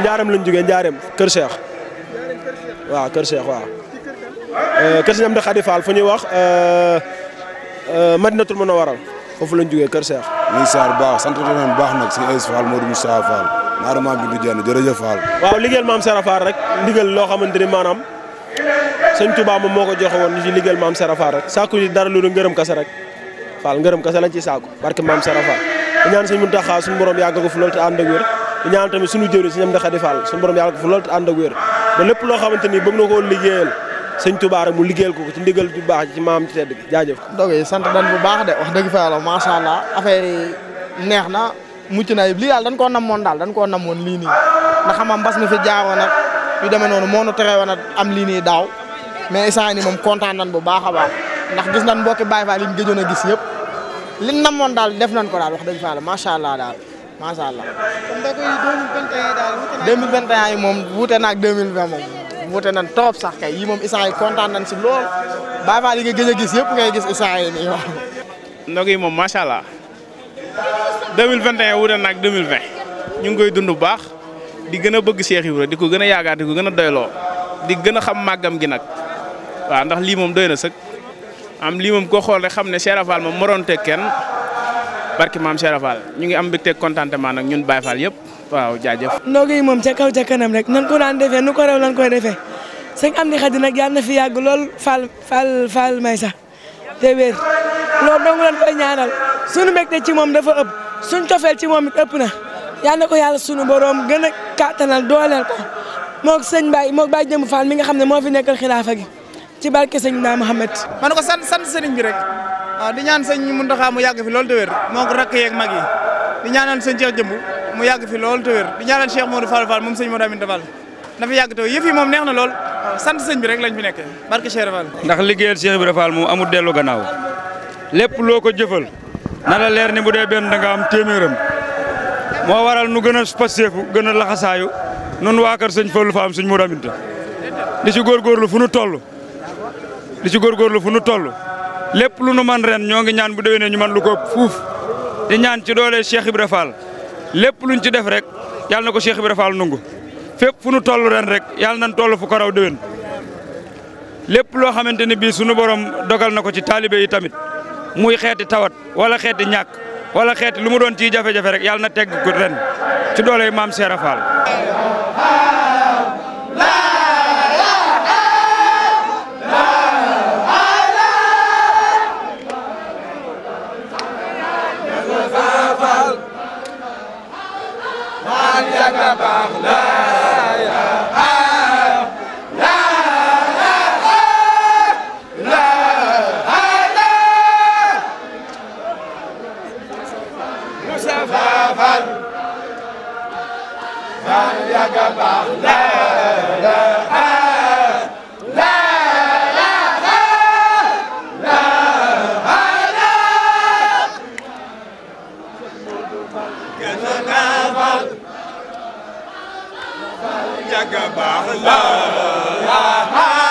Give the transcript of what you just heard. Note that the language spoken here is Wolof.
njaaram lañ jógee njaaram Kër Cheikh waaw Kër Cheikh waaw. Euh, Kër Cheikh am na Xadi Fall fu ñuy wax euh, euh, Madinatul Munawwara foofu lañ jógee Kër Cheikh. ñuy saar baax sant nañu baax nag suñu Aziz Fall Modou Moussa Fall maanaam maa jërëjëf Fall. waaw liggéeyal maam Serap Fall loo xamante ni maanaam sëñ Touba moom moo ko joxe woon ñu ci liggéeyal maam Serap Fall rek sàkku yi dara lu dul ngërëm kese rek Fall ngërëm kese lañ ci sàkku barke maam Serap Fall ñaan sëñ Muntaxa suñu borom yàgg ko fi loolu te ànd ak di ñaan tamit suñu jëwri si ñam da Xadi Fall suñu borom ko fu loolu te ànd lépp loo xamante ni bëgg na koo liggéeyal sëñ Touba rek mu liggéeyal ko ci ndigal bu baax ci maam ci tedd gi jaajëf ko dog yi sant nañ bu baax de wax dëgg fa yàlla macha allah affaire neex na mucc na lii daal dañ koo namoon daal dañ koo namoon lii nii ndax xam nga mbas mi fi jaaroon nag yu demee noonu moo nu tere woon a am lii nii daaw mais instant ni moom kontaan nañ bu baax a baax ndax gis nañ boo Baye Fall yi ñu gëjoon a gis yëpp liñ namoon daal def nañ ko daal dëgg fa macha allah daal macha allah. kon da koy wuute naag 2021 yi moom wuute naag moom wuute nañ trop sax kay yi moom instant yi kontaan nañ si lool Baay Faal yi nga gëj a gis yëpp ngay gis instant yi nii waaw. yi moom macha allah 2021 wuute naag 2020 ñu ngi koy dund bu baax di gën a bëgg Cheikh Ibra di ko gën a yaakaar di ko gën a doyloo di gën a xam màggam gi nag waaw ndax lii moom doy na sëkk am lii moom ko xool rek xam ne Cheikh Fall moom moronte kenn. barki maam Cheikh Fall ñu ngi am mbégteeg contentement nag ñun Baye Fall yëpp waaw jaajëf. ndogu yi moom ca kaw ca kanam rek nan ko daan defee nu ko rew lan koy defee sëñ am ni xadi nag yàlla na fi yàgg lool Fall Fall Fall may sax te wér loolu dong lan koy ñaanal sunu mbégte ci moom dafa ëpp suñ cofeel ci moom ëpp na yàlla na ko yàlla sunu borom gën a kàttanal dooleel ko moog sëñ Baye moo baa Jëmb Fall mi nga xam ne moo fi nekkal xilaafa gi ci barke sëñ Naa Muhammad. man sëriñ bi rek. waaw di ñaan sëñ Mountakha mu yàgg fi loolu te wér moo ko rakk yeeg mag yi di ñaanal sëñ Cheikh Jëmb mu yàgg fi loolu te wér di ñaanal Cheikh Modou Fall Fall moom sëñ Modou Aminta Fall na fi yàgg taw yëf yi moom neex na lool sant sëñ bi rek lañ fi nekkee barke Cheikh Fall. ndax liggéeyal Cheikh Ibrahima Fall moom amul dellu ganaaw lépp loo ko jëfal na la leer ni bu dee benn da nga am téeméeram moo waral nu gën a passeefu gën a laxasaayu nun waa kër sëñ Fallou Fall moo Modou Aminta di ci góorgóorlu fu nu toll di ci góorgóorlu fu nu toll lépp lu nu man ren ñoo ngi ñaan bu déwénee ñu man lu ko fuuf di ñaan ci doole Cheikh Ibra Fall lépp luñ ci def rek yàlla na ko Cheikh Ibra Fall nungu fépp fu nu toll ren rek yàlla nañ toll fu ko raw déwén lépp loo xamante ni bii sunu borom dogal na ko ci taalibe yi tamit muy xeeti tawat wala xeeti ñàkk wala xeeti lu mu doon ci jafe-jafe rek yàlla na tegg ko ren ci doole maam Cheikh Ibra فل فليقف لا لا Jagabah la la la